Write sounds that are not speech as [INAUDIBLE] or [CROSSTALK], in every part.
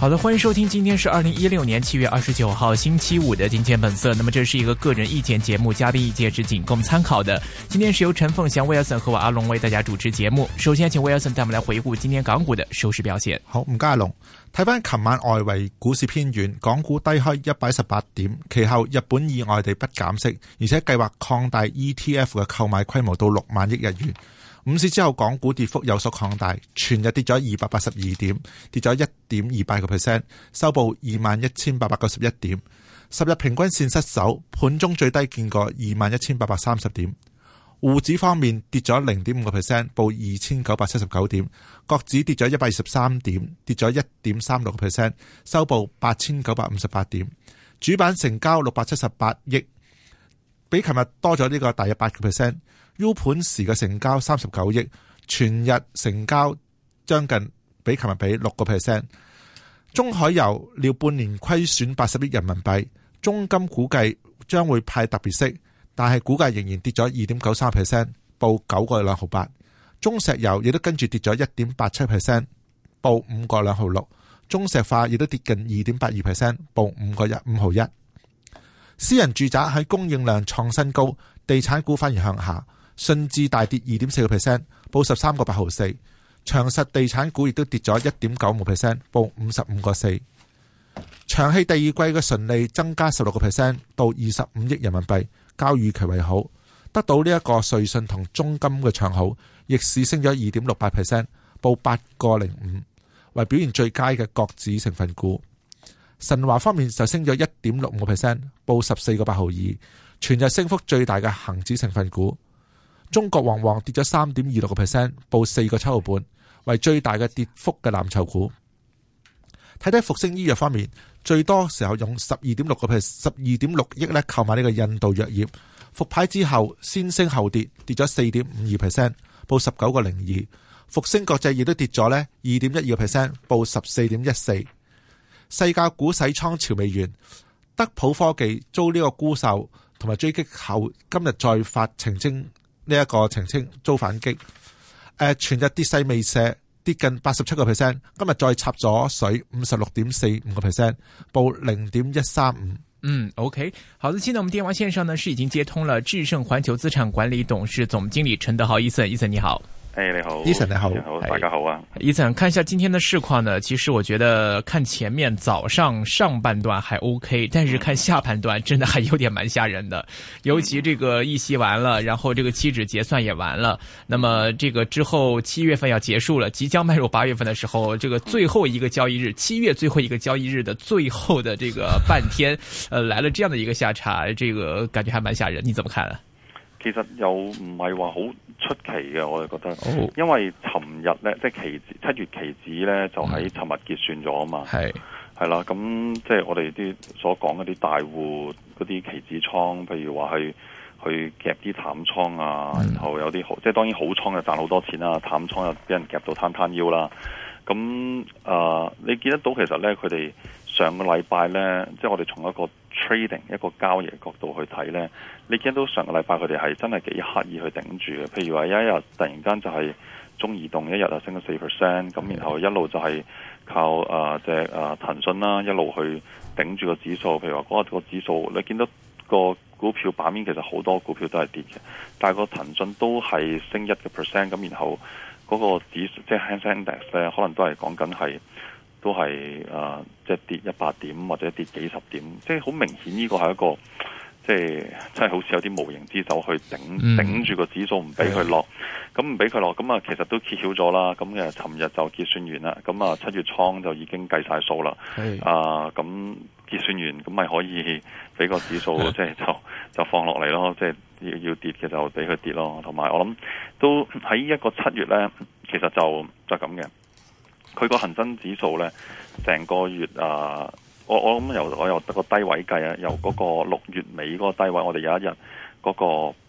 好的，歡迎收聽，今天是二零一六年七月二十九號星期五的金錢本色。那麼這是一個個人意見節目，嘉賓意見是僅供參考的。今天是由陳鳳祥 Wilson 和我阿龍為大家主持節目。首先請 Wilson 帶我們來回顧今天港股的收市表現。好，唔該阿龍。睇翻琴晚外圍股市偏軟，港股低開一百一十八點，其後日本意外地不減息，而且計劃擴大 ETF 嘅購買規模到六萬億日元。午市之後，港股跌幅有所擴大，全日跌咗二百八十二點，跌咗一點二八個 percent，收報二萬一千八百九十一點。十日平均線失守，盤中最低見過二萬一千八百三十點。滬指方面跌咗零點五個 percent，報二千九百七十九點。國指跌咗一百二十三點，跌咗一點三六個 percent，收報八千九百五十八點。主板成交六百七十八億，比琴日多咗呢個大約八個 percent。U 盤時嘅成交三十九億，全日成交將近比琴日比六個 percent。中海油料半年虧損八十億人民幣，中金估計將會派特別息，但係股價仍然跌咗二點九三 percent，報九個兩毫八。中石油亦都跟住跌咗一點八七 percent，報五個兩毫六。中石化亦都跌近二點八二 percent，報五個一五毫一。私人住宅喺供應量創新高，地產股反而向下。信智大跌二點四個 percent，報十三個八毫四。長實地產股亦都跌咗一點九個 percent，報五十五個四。長汽第二季嘅純利增加十六個 percent 到二十五億人民幣，較預期為好。得到呢一個瑞信同中金嘅長好，逆市升咗二點六八 percent，報八個零五，為表現最佳嘅國指成分股。神華方面就升咗一點六五個 percent，報十四個八毫二，全日升幅最大嘅恒指成分股。中國旺旺跌咗三點二六個 percent，報四個七毫半，為最大嘅跌幅嘅藍籌股。睇睇復星醫藥方面，最多時候用十二點六個 percent 十二點六億咧，購買呢個印度藥業復牌之後先升後跌，跌咗四點五二 percent，報十九個零二。復星國際亦都跌咗呢二點一二 percent，報十四點一四。細價股洗倉潮未完，德普科技遭呢個沽售同埋追擊後，今日再發澄清。呢、這、一個澄清遭反擊，誒、呃，全日跌勢未射，跌近八十七個 percent，今日再插咗水五十六點四五個 percent，報零點一三五。嗯，OK，好的，目前在我們電話線上呢是已經接通了智勝環球資產管理董事總經理陳德豪，Ethan。Ethan 你好。哎、hey，你好，Ethan，你好，大家好啊！Ethan，看一下今天的市況呢？其實我覺得看前面早上上半段還 OK，但是看下半段真的還有點蠻嚇人的。尤其這個議息完了，然後這個期指結算也完了，那麼這個之後七月份要結束了，即將邁入八月份的時候，這個最後一個交易日，七月最後一個交易日的最後的這個半天，呃，來了這樣的一個下差，這個感覺還蠻嚇人。你怎麼看啊？其實又唔係話好出奇嘅，我哋覺得，oh. 因為尋日咧，即係期七月期指咧，就喺尋日結算咗啊嘛，係係啦，咁即係我哋啲所講嗰啲大戶嗰啲期指倉，譬如話去去夾啲淡倉啊，mm. 然後有啲好，即係當然好倉就賺好多錢啦，淡倉又俾人夾到攤攤腰啦。咁啊、呃，你見得到其實咧，佢哋上個禮拜咧，即係我哋從一個，trading 一個交易角度去睇呢，你見到上個禮拜佢哋係真係幾刻意去頂住嘅。譬如話有一日突然間就係中移動一日就升咗四 percent，咁然後一路就係靠誒，即係誒騰訊啦，一路去頂住個指數。譬如話嗰日個指數你見到個股票版面其實好多股票都係跌嘅，但係個騰訊都係升一個 percent，咁然後嗰個指即係、就是、Hang Seng Index 呢，可能都係講緊係。都係誒，即係跌一百點或者跌幾十點，即係好明顯呢個係一個，即係真係好似有啲無形之手去頂頂住個指數唔俾佢落，咁唔俾佢落，咁啊其實都揭曉咗啦。咁誒，尋日就結算完啦，咁啊七月倉就已經計晒數啦。啊，咁結算完，咁咪可以俾個指數即係就就放落嚟咯。即係，嗯，要跌嘅就俾佢跌咯。同埋我諗都喺一個七月咧，其實就就咁嘅。佢個恒生指數呢，成個月啊、呃，我我諗由我又個低位計啊，由嗰個六月尾嗰個低位，我哋有一日嗰、嗰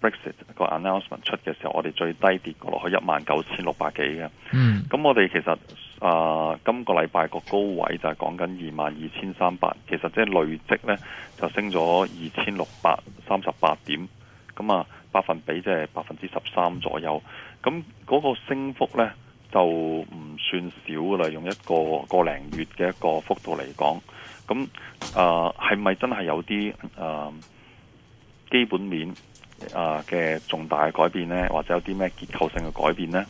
個 Brexit 個 announcement 出嘅時候，我哋最低跌過落去一萬九千六百幾嘅。嗯。咁我哋其實啊、呃，今個禮拜個高位就係講緊二萬二千三百，其實即係累積呢就升咗二千六百三十八點，咁啊百分比即係百分之十三左右。咁嗰個升幅呢，就唔算少啦，用一個個零月嘅一個幅度嚟講，咁誒，係、呃、咪真係有啲誒、呃、基本面啊嘅、呃、重大嘅改變咧？或者有啲咩結構性嘅改變咧？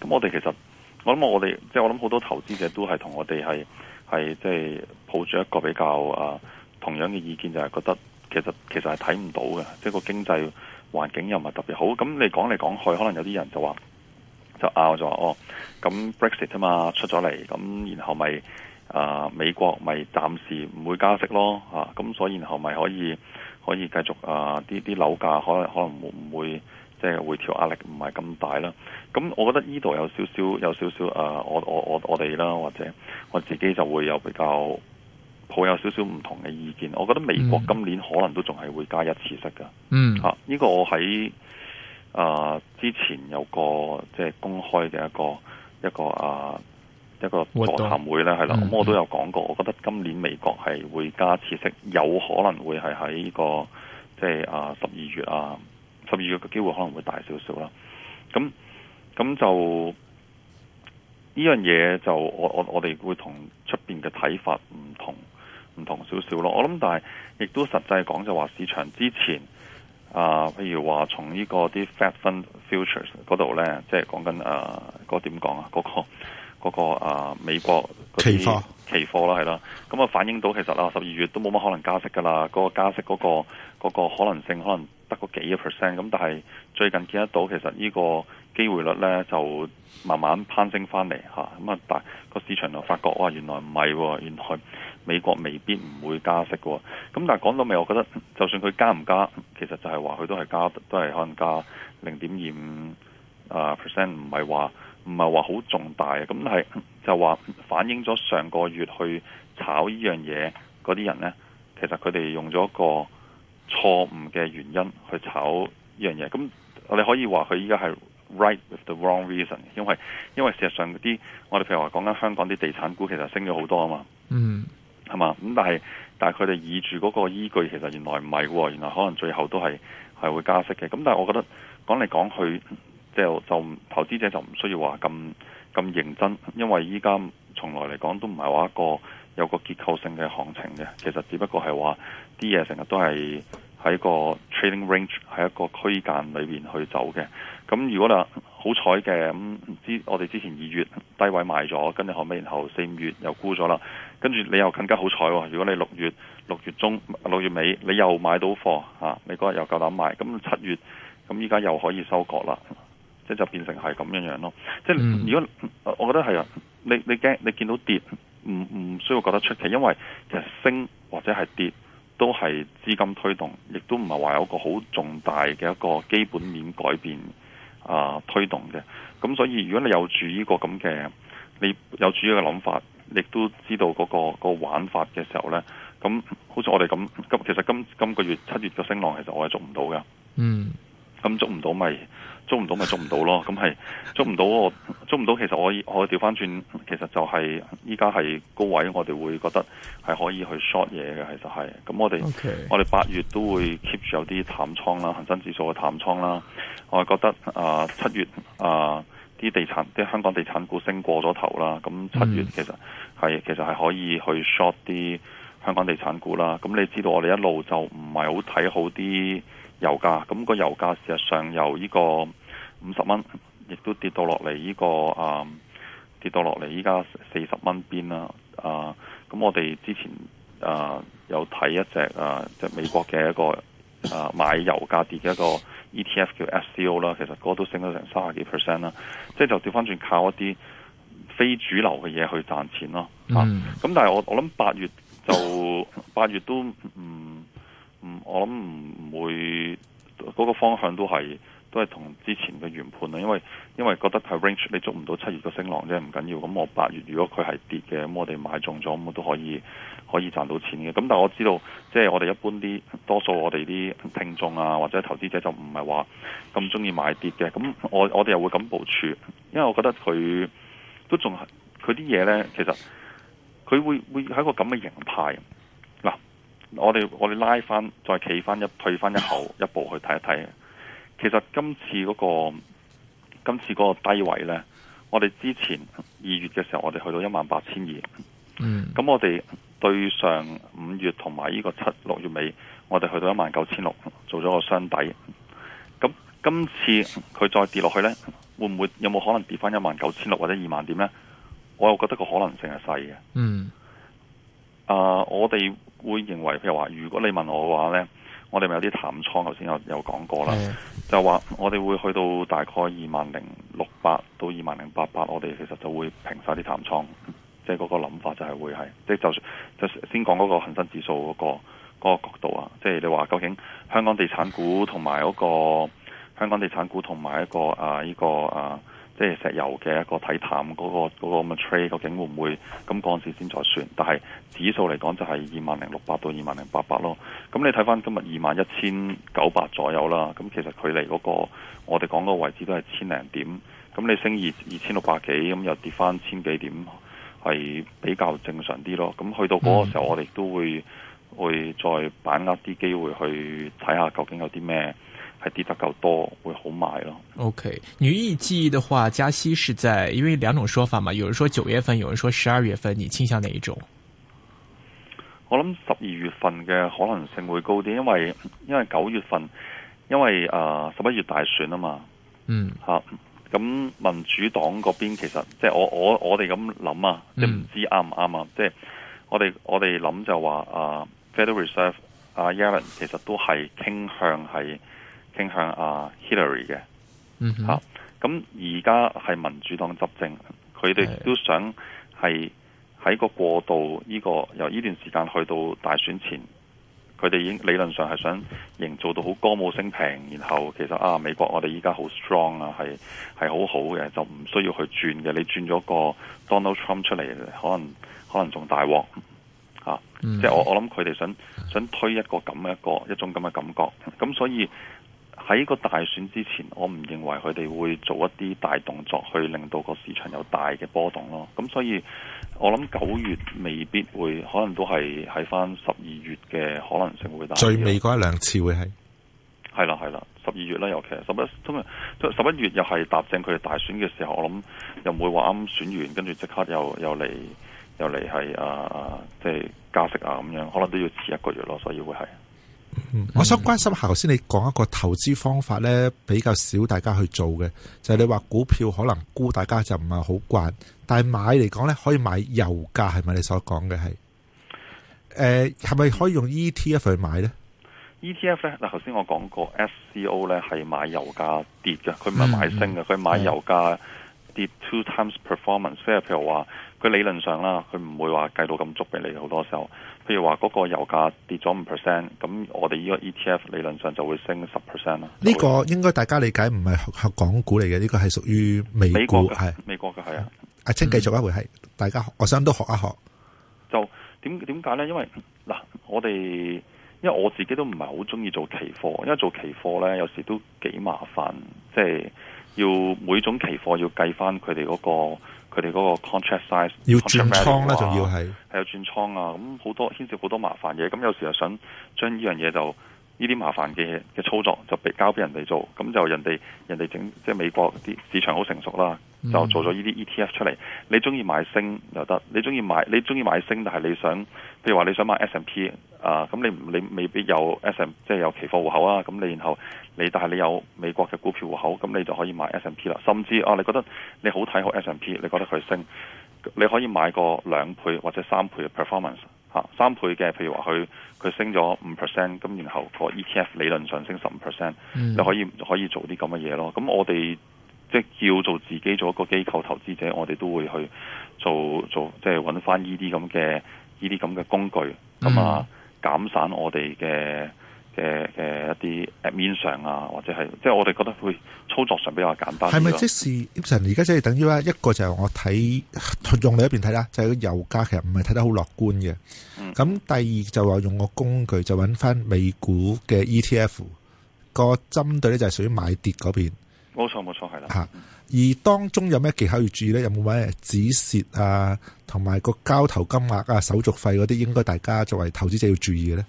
咁我哋其實我諗我哋即係我諗好多投資者都係同我哋係係即係抱住一個比較啊、呃、同樣嘅意見，就係、是、覺得其實其實係睇唔到嘅，即、就、係、是、個經濟環境又唔係特別好。咁你講嚟講去，可能有啲人就話。就拗咗哦，咁 Brexit 啊嘛出咗嚟，咁然後咪啊、呃、美國咪暫時唔會加息咯嚇，咁、啊、所以然後咪可以可以繼續啊啲啲樓價可能可能唔會即係回調壓力唔係咁大啦。咁我覺得呢度有少少有少少啊、呃，我我我哋啦，或者我自己就會有比較抱有少少唔同嘅意見。我覺得美國今年可能都仲係會加一次息㗎。嗯，啊呢、呢個我喺。啊！之前有個即係公開嘅一個一個啊一個座談會咧，係啦，咁、嗯、我都有講過。我覺得今年美國係會加次息，有可能會係喺、呢個即係啊十二月啊十二月嘅機會可能會大少少啦。咁咁就呢樣嘢就我我我哋會同出邊嘅睇法唔同唔同少少咯。我諗但係亦都實際講就話、是、市場之前。啊，譬如話從呢個啲 Fed Fund Futures 嗰度咧，即係講緊誒嗰點講啊，嗰個嗰個啊美國期貨期貨啦係啦，咁啊反映到其實啦，十二月都冇乜可能加息噶啦，嗰個加息嗰個嗰個可能性可能得個幾嘅 percent，咁但係最近見得到其實呢個機會率咧就慢慢攀升翻嚟吓，咁啊大個市場就發覺哇，原來唔係原來。美國未必唔會加息嘅喎，哦，咁但係講到尾，我覺得就算佢加唔加，其實就係話佢都係加，都係可能加零點二五啊 percent，唔係話唔係話好重大嘅。咁係就話反映咗上個月去炒依樣嘢嗰啲人呢，其實佢哋用咗個錯誤嘅原因去炒呢樣嘢。咁我哋可以話佢依家係 right with the wrong reason，因為因為事實上嗰啲我哋譬如話講緊香港啲地產股其實升咗好多啊嘛。嗯。係嘛？咁但係，但係佢哋倚住嗰個依據，其實原來唔係喎，原來可能最後都係係會加息嘅。咁但係，我覺得講嚟講去，即係就，就投資者就唔需要話咁咁認真，因為依家從來嚟講都唔係話一個有個結構性嘅行情嘅，其實只不過係話啲嘢成日都係。喺一個 trading range 喺一個區間裏面去走嘅，咁如果你好彩嘅，咁之、嗯、我哋之前二月低位買咗，跟住後尾然後四五月又沽咗啦，跟住你又更加好彩喎！如果你六月六月中六月尾你又買到貨嚇，你嗰日又夠膽賣，咁七月咁依家又可以收割啦，即係就變成係咁樣樣咯。即如果我覺得係啊，你你你見到跌，唔唔需要覺得出奇，因為其實升或者係跌。都係資金推動，亦都唔係話有個好重大嘅一個基本面改變、嗯、啊推動嘅。咁所以如果你有住呢個咁嘅，你有住呢個諗法，亦都知道嗰、嗰個嗰個玩法嘅時候呢，咁好似我哋咁今其實今今個月七月嘅升浪，其實我係捉唔到嘅。嗯，咁捉唔到咪、就係？捉唔到咪捉唔到咯，咁係捉唔到我捉唔到。其實我我調翻轉，其實就係依家係高位，我哋會覺得係可以去 short 嘢嘅，其實係。咁我哋、okay. 我哋八月都會 keep 住有啲淡倉啦，恒生指數嘅淡倉啦。我覺得啊七、呃、月啊啲、呃、地產啲香港地產股升過咗頭啦，咁七月其實係、mm. 其實係可以去 short 啲香港地產股啦。咁你知道我哋一路就唔係好睇好啲油價，咁個油價事實上由呢、呢個五十蚊，亦都跌到落嚟呢個啊，跌到落嚟依家四十蚊邊啦啊！咁我哋之前啊有睇一隻啊，即係、啊、美國嘅一個啊買油價跌嘅一個 ETF 叫 SCO 啦，其實嗰個都升咗成三十幾 percent 啦，即、啊、係就調翻轉，靠一啲非主流嘅嘢去賺錢咯咁、啊嗯、但係我我諗八月就八月都唔唔、嗯、我諗唔會嗰、那個方向都係。都係同之前嘅原判啊，因為因為覺得係 range，你捉唔到七月嘅升浪啫，唔緊要。咁我八月如果佢係跌嘅，咁我哋買中咗，咁我都可以可以賺到錢嘅。咁但係我知道，即係我哋一般啲，多數我哋啲聽眾啊或者投資者就唔係話咁中意買跌嘅。咁我我哋又會咁部署，因為我覺得佢都仲係佢啲嘢呢。其實佢會會係一個咁嘅形態。嗱，我哋我哋拉翻再企翻一退翻一口一步去睇一睇。其實今次嗰個今次嗰個低位呢，我哋之前二月嘅時候，我哋去到一萬八千二。嗯。咁我哋對上五月同埋呢個七六月尾，我哋去到一萬九千六，做咗個箱底。咁今次佢再跌落去呢，會唔會有冇可能跌翻一萬九千六或者二萬點呢？我又覺得個可能性係細嘅。嗯。啊，uh，我哋會認為譬如話，如果你問我嘅話呢，我哋咪有啲淡倉，頭先有有講過啦。嗯就話我哋會去到大概二萬零六百到二萬零八百，我哋其實就會平晒啲淡倉，即係嗰個諗法就係會係，即係就就先講嗰個恆生指數嗰個嗰個角度啊，即係你話究竟香港地產股同埋嗰個香港地產股同埋一個啊呢個啊即係石油嘅一、嗰個睇淡嗰個、嗰個咁嘅 trade，究竟會唔會咁陣時先才算？但係指數嚟講就係二萬零六百到二萬零八百咯。咁你睇翻今日二萬一千九百左右啦。咁其實距離嗰、嗰個我哋講嗰個位置都係千零點。咁你升二二千六百幾，咁又跌翻千幾點，係比較正常啲咯。咁去到嗰個時候，嗯、我哋都會會再把握啲機會去睇下究竟有啲咩。係跌得夠多，會好買咯。OK，女一季嘅話加息是在，因為兩種說法嘛，有人說九月份，有人說十二月份，你傾向哪一種？我諗十二月份嘅可能性會高啲，因為因為九月份因為誒十一月大選啊嘛，嗯吓，咁、啊、民主黨嗰邊其實即係我我我哋咁諗啊，即係唔知啱唔啱啊，嗯、即係我哋我哋諗就話啊、呃、Federal Reserve 啊、呃、Yellen 其實都係傾向係。傾向、uh, Hillary 嘅 mm -hmm. 啊 Hillary 嘅，嗯，好，咁而家係民主黨的執政，佢哋都想係喺個過渡呢、呢個由呢段時間去到大選前，佢哋已經理論上係想營造到好歌舞升平，然後其實啊美國我哋依家好 strong 啊，係係好好嘅，就唔需要去轉嘅。你轉咗個 Donald Trump 出嚟，可能可能仲大鑊啊，mm -hmm. 即係我我諗佢哋想佢哋想，想推一個咁嘅一個一種咁嘅感覺，咁所以。喺個大選之前，我唔認為佢哋會做一啲大動作去令到個市場有大嘅波動咯。咁所以，我諗九月未必會，可能都係喺翻十二月嘅可能性會大。最尾嗰一兩次會係，係啦係啦，十二月啦，尤其十一，十一月又係踏正佢哋大選嘅時候，我諗又唔會話啱選完，跟住即刻又又嚟，又嚟係啊，即、呃、係、即係、加息啊咁樣，可能都要遲一個月咯，所以會係。嗯、我想關心下，頭先你講一個投資方法呢，比較少大家去做嘅，就係你話股票可能沽，大家就唔係好慣，但係買嚟講呢，可以買油價，係咪你所講嘅係？誒，係咪可以用 E T F 去買呢 E T F 呢？嗱，頭先我講過 S C O 呢係買油價跌嘅，佢唔係買升嘅，佢買油價跌 two times performance，即係譬如話。佢理論上啦，佢唔會話計到咁足俾你。好多時候，譬如話嗰個油價跌咗五 percent，咁我哋呢個 ETF 理論上就會升十 percent 啦。呢個應該大家理解唔係學，學港股嚟嘅，呢、呢個係屬於美股係美國嘅係啊。阿青、啊、繼續一回，係、嗯，大家我想都學一學。就點點解咧？因為嗱，我哋因為我自己都唔係好中意做期貨，因為做期貨咧，有時都幾麻煩，即、就、係、是、要每種期貨要計翻佢哋嗰個。佢哋嗰個 contract size 要 contract 轉倉啦，仲要係係有轉倉啊！咁好多牽涉好多麻煩嘢，咁有時又想將呢樣嘢就。呢啲麻煩嘅嘅操作就俾交俾人哋做，咁就人哋人哋整，即係美國啲市場好成熟啦，就做咗呢啲 ETF 出嚟。你中意買升又得，你中意買你中意買升，但係你想，譬如話你想買 S&P 啊，咁你你未必有 S& 即係有期貨戶口啊，咁你然後你但係你有美國嘅股票戶口，咁你就可以買 S&P 啦。甚至啊，你覺得你好睇好 S&P，你覺得佢升，你可以買個兩倍或者三倍嘅 performance。啊、三倍嘅，譬如話佢佢升咗五 percent，咁然後個 ETF 理論上升十五 percent，你可以可以做啲咁嘅嘢咯。咁我哋即係叫做自己做一個機構投資者，我哋都會去做做，即係揾翻呢啲咁嘅呢啲咁嘅工具，咁、嗯、啊減散我哋嘅。嘅嘅一啲面上啊，或者係即係我哋覺得會操作上比較簡單。係咪即是？而家即係等於咧，一個就係我睇用你一邊睇啦，就係、是、個油價其實唔係睇得好樂觀嘅。咁、嗯、第二就話用個工具就揾翻美股嘅 ETF 個針對咧，就係屬於買跌嗰邊。冇錯冇錯係啦。吓、啊，而當中有咩技巧要注意咧？有冇咩止蝕啊？同埋個交投金額啊、手續費嗰啲，應該大家作為投資者要注意嘅咧？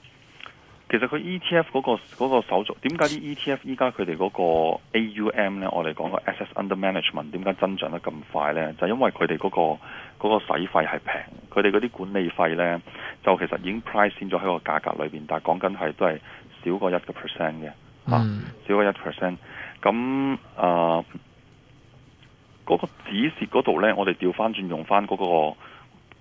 其實佢 ETF 嗰、那個那個手續，點解啲 ETF 依家佢哋嗰個 AUM 咧，我哋講個 Asset Under Management 點解增長得咁快咧？就是、因為佢哋嗰個使、那個洗費係平，佢哋嗰啲管理費咧就其實已經 price 先咗喺個價格裏邊，但係講緊係都係少過一個 percent 嘅，嚇少過一 percent。咁啊，嗰、呃那個指示嗰度咧，我哋調翻轉用翻嗰、那個。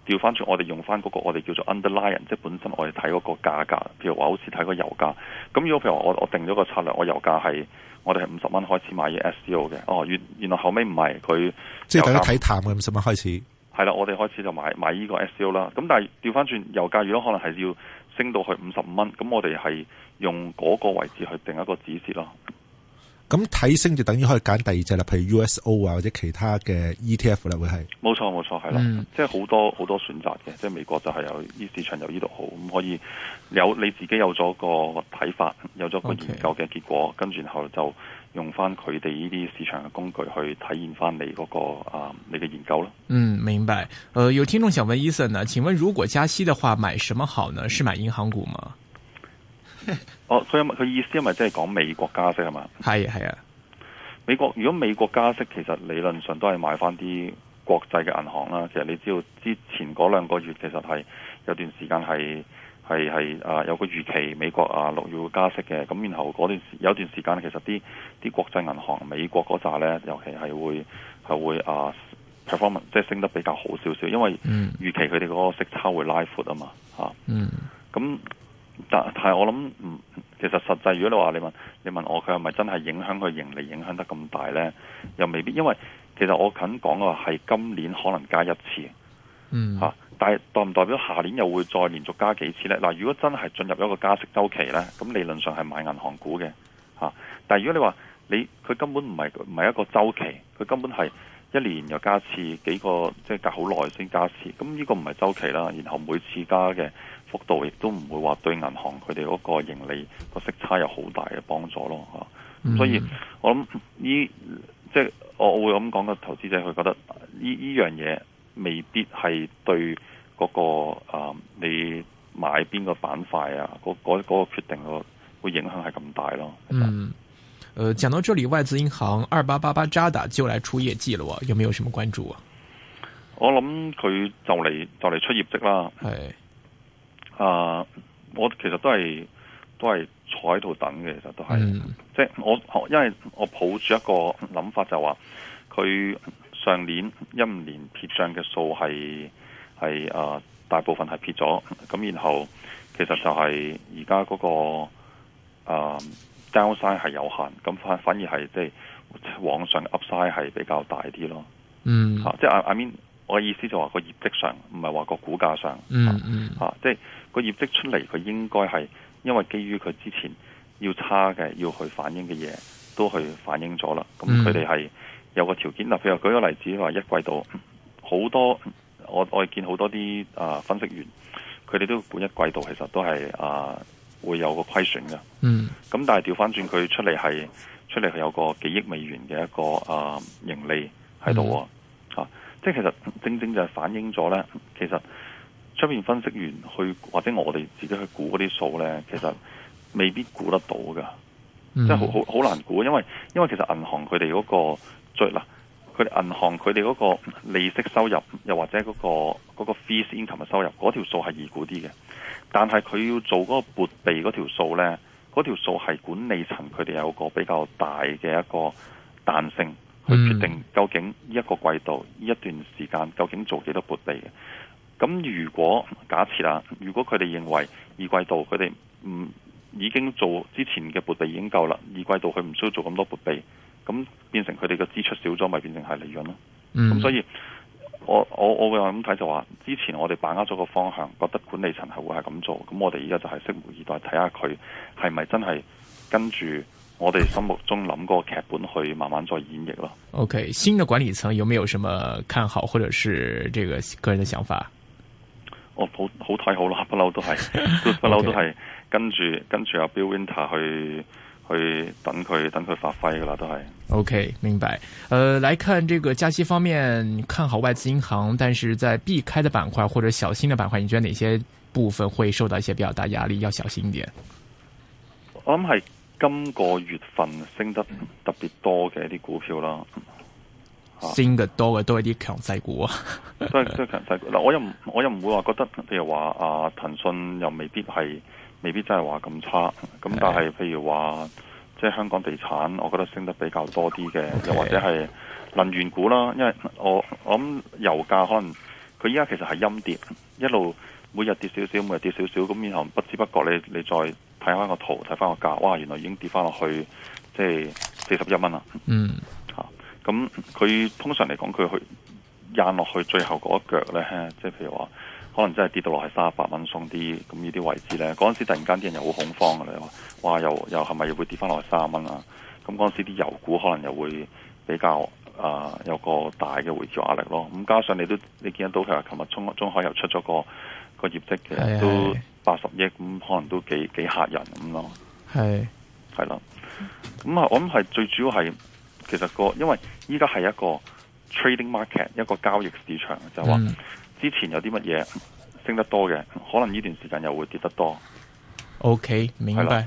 調翻轉，我哋用翻嗰個我哋叫做 underline，即係本身我哋睇嗰個價格。譬如話，好似睇個油價。咁如果譬如我我定咗個策略，我油價係我哋係五十蚊開始買嘅 S O 嘅。哦，原原來後尾唔係佢，即係大家睇淡嘅五十蚊開始。係啦，我哋開始就買買依個 S O 啦。咁但係調翻轉，油價如果可能係要升到去五十五蚊，咁我哋係用嗰個位置去定一個止蝕咯。咁睇升就等於可以揀第二隻啦，譬如 USO 啊或者其他嘅 ETF 啦，會係冇錯冇錯係啦，即係好多好多選擇嘅，即係美國就係有呢市場有呢度好咁可以有你自己有咗個睇法，有咗個研究嘅結果，跟、okay, 住然後就用翻佢哋呢啲市場嘅工具去體驗翻你嗰、那個啊、呃、你嘅研究咯。嗯，明白。誒、呃，有聽眾想問 Ethan 呢？請問如果加息嘅話，買什麼好呢？是買銀行股嗎？ [LAUGHS] 哦，佢有佢意思，係咪即係講美國加息啊嘛？係係啊，美國如果美國加息，其實理論上都係買翻啲國際嘅銀行啦。其實你知道之前嗰兩個月，其實係有段時間係係係啊有個預期美國啊六月會加息嘅。咁然後嗰段時間，有段時間，其實啲啲國際銀行美國嗰扎咧，尤其係會係會啊 performance 即係升得比較好少少，因為預期佢哋嗰個息差會拉闊啊嘛，吓、啊。嗯，咁。但係我諗，其實實際上如果你話你問你問我佢係咪真係影響佢盈利影響得咁大呢？又未必，因為其實我近講嘅話係今年可能加一次，嗯、啊、但係代唔代表下年又會再連續加幾次呢？嗱、啊，如果真係進入一個加息周期呢，咁理論上係買銀行股嘅、啊、但係如果你話你佢根本唔係唔係一個周期，佢根本係一年又加次幾個，即係隔好耐先加次，咁呢個唔係周期啦，然後每次加嘅幅度亦都唔會話對銀行佢哋嗰個盈利個息差有好大嘅幫助咯，吓、嗯。所以我諗呢，即、就、係、是、我會咁講，個投資者佢覺得呢呢樣嘢未必係對嗰、那個啊、呃、你買邊個板塊啊，嗰嗰嗰個決定個會影響係咁大咯。嗯，誒、呃，講到這裏，外資銀行二八八八渣打就來出業績啦，有冇有什麼關注啊？我諗佢就嚟就嚟出業績啦，係。啊、uh，我其實都係都係坐喺度等嘅，其實都係，mm. 即係我因為我抱住一個諗法就話，佢上年一五年撇帳嘅數係係大部分係撇咗，咁然後其實就係而家嗰個啊、uh, downside 係有限，咁反反而係即係往上嘅 upside 係比較大啲咯。嗯、mm. uh，即 I mean。我意思就話個業績上，唔係話個股價上、嗯嗯，啊，即係個業績出嚟，佢應該係因為基於佢之前要差嘅，要去反映嘅嘢，都去反映咗啦。咁佢哋係有個條件，嗱，譬如舉個例子話，一季度好多我我見好多啲啊、呃，分析員佢哋都本一季度其實都係啊、呃，會有個虧損嘅。嗯，咁但係調翻轉佢出嚟係出嚟係有個幾億美元嘅一個啊、呃、盈利喺度啊。嗯嗯即係其實正正就係反映咗咧，其實出面分析員去或者我哋自己去估嗰啲數咧，其實未必估得到噶、嗯。即係好好好難估，因為因為其實銀行佢哋嗰個最，嗱佢哋銀行佢哋嗰個利息收入，又或者嗰個嗰個 fee income 嘅收入，嗰條數係易估啲嘅。但係佢要做嗰個撥備嗰條數咧，嗰條數係管理層佢哋有個比較大嘅一個彈性。去決定究竟呢一個季度呢、嗯、一段時間究竟做幾多撥備嘅？咁如果假設啦、啊，如果佢哋認為二季度佢哋唔已經做之前嘅撥備已經夠啦，二季度佢唔需要做咁多撥備，咁變成佢哋嘅支出少咗，咪變成係利潤咯？咁、嗯、所以我我我會話咁睇就話，之前我哋把握咗個方向，覺得管理層係會係咁做，咁我哋而家就係拭目以待，睇下佢係咪真係跟住。我哋心目中諗嗰個劇本去慢慢再演繹咯。OK，新的管理層有沒有什麼看好，或者是這個個人的想法？我、哦、好好睇好啦，不嬲都係，不 [LAUGHS] 嬲都係跟住跟住阿 Bill Winter 去去等佢等佢發揮噶啦，都係。OK，明白。呃，來看這個加息方面，看好外資銀行，但是在避開的板塊或者小心的板塊，你覺得哪些部分會受到一些比較大壓力，要小心一點？我諗係。今個月份升得特別多嘅一啲股票啦、嗯啊，升得多嘅都係啲強勢股啊，都係都係強勢股嗱。我又我又唔會話覺得，譬如話啊騰訊又未必係未必真係話咁差。咁但係譬如話，即係香港地產，我覺得升得比較多啲嘅，okay. 又或者係能源股啦。因為我我諗油價可能佢依家其實係陰跌，一路每日跌少少，每日跌少少咁，然後不知不覺你你再。睇翻個圖，睇翻個價，哇！原來已經跌翻落去，即係四十一蚊啦。嗯，咁、啊、佢通常嚟講，佢去壓落去最後嗰一腳咧，即係譬如話，可能真係跌到落去三十八蚊鬆啲。咁呢啲位置咧，嗰陣時突然間啲人又好恐慌嘅咧，話又又係咪又會跌翻落去三十蚊啊？咁嗰陣時啲油股可能又會比較啊、呃，有個大嘅回調壓力咯。咁加上你都你見得到譬如，琴日中中海又出咗個個業績嘅都。八十億咁可能都幾幾吓人咁咯。係係啦，咁我諗係最主要係其實個，因為依家係一個 trading market 一個交易市場，就係話之前有啲乜嘢升得多嘅，可能呢段時間又會跌得多。嗯、OK，明白。